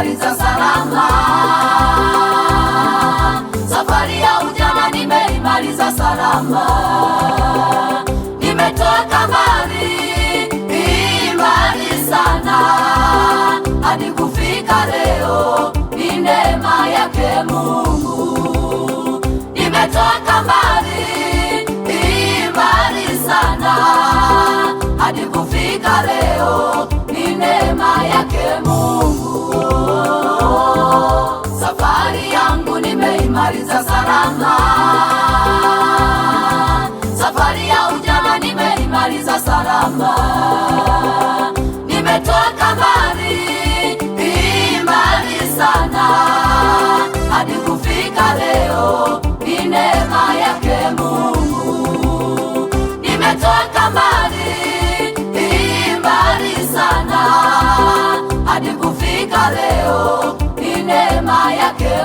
safari za salama, safari ya ujana nimeimaliza salama, nimetoka mbali mbali sana hadi kufika leo, ni neema yake Mungu, nimetoka mbali mbali sana hadi kufika leo, ni neema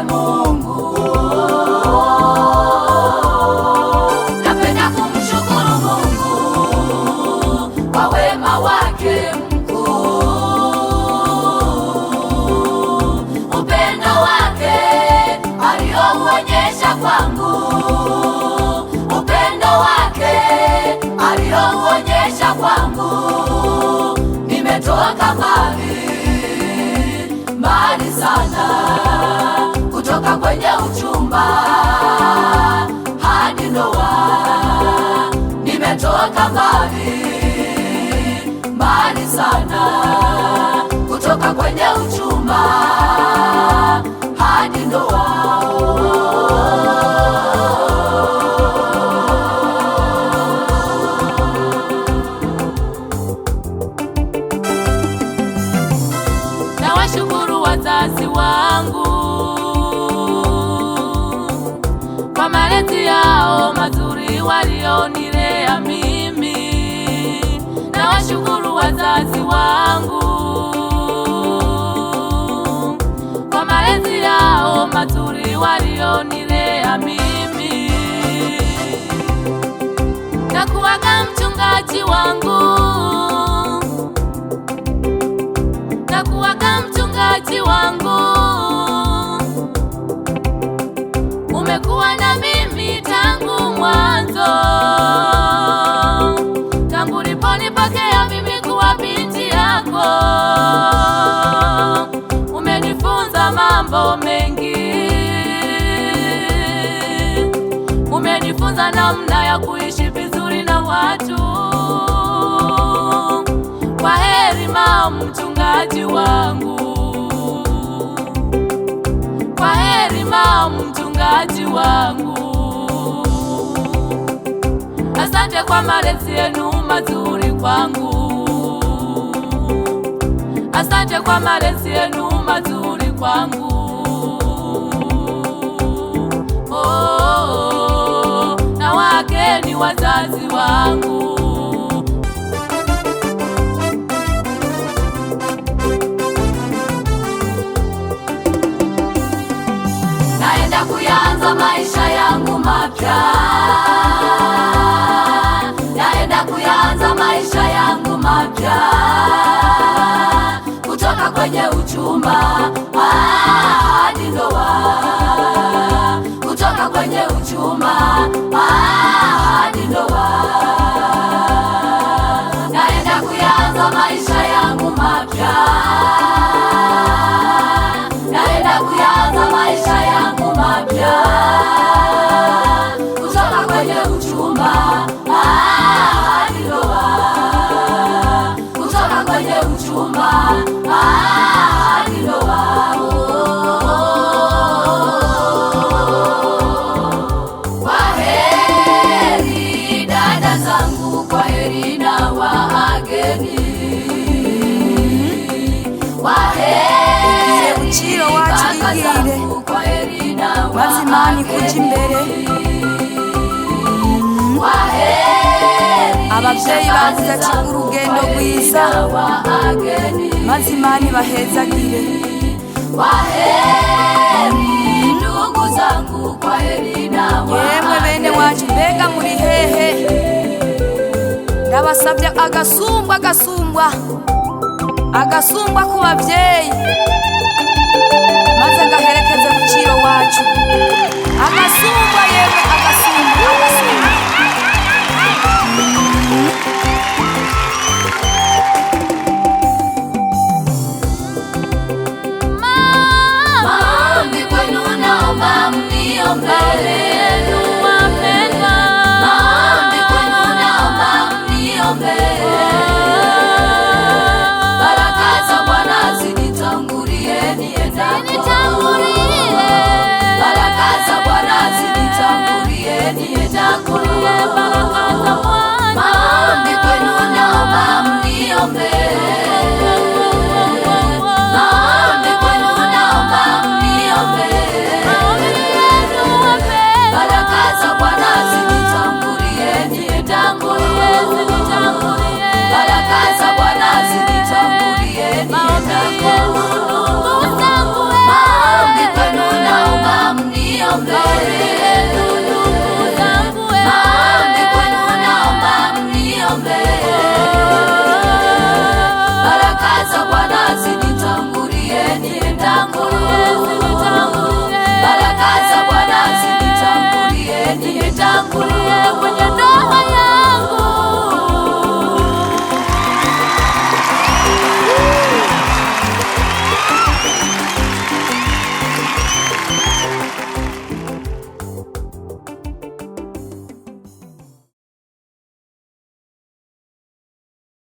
Mungu 봐. walionilea mimi, na washukuru wazazi wangu kwa malezi yao mazuri walionilea mimi, na kuwaga mchungaji wangu, na kuwaga mchungaji wangu mengi, umenifunza namna ya kuishi vizuri na watu. Kwa heri ma mchungaji wangu, kwa heri ma mchungaji wangu. Asante kwa malezi yenu mazuri kwangu, asante kwa malezi yenu mazuri kwangu. wake ni wazazi wangu. Naenda kuyanza maisha yangu mapya. kuyaanza maisha yangu mapya kutoka kwenye uchumba hadi ah, ndoa, kutoka kwenye uchumba hadi ah, ndoa. Kwaheri dada zangu, kwaheri na wageni, kwaheri ubabwire bazimani kuja imbere abavyeyi babuze ati urugendo rwiza maze imani bahezagire yemwe bene wacu mbega muri hehe ndabasabye agasumbwa agasumbwa agasumbwa ku bavyeyi maze agaherekeze mu kiyo wacu agasumbwa yewe agasumbwa agasumbwa Jeni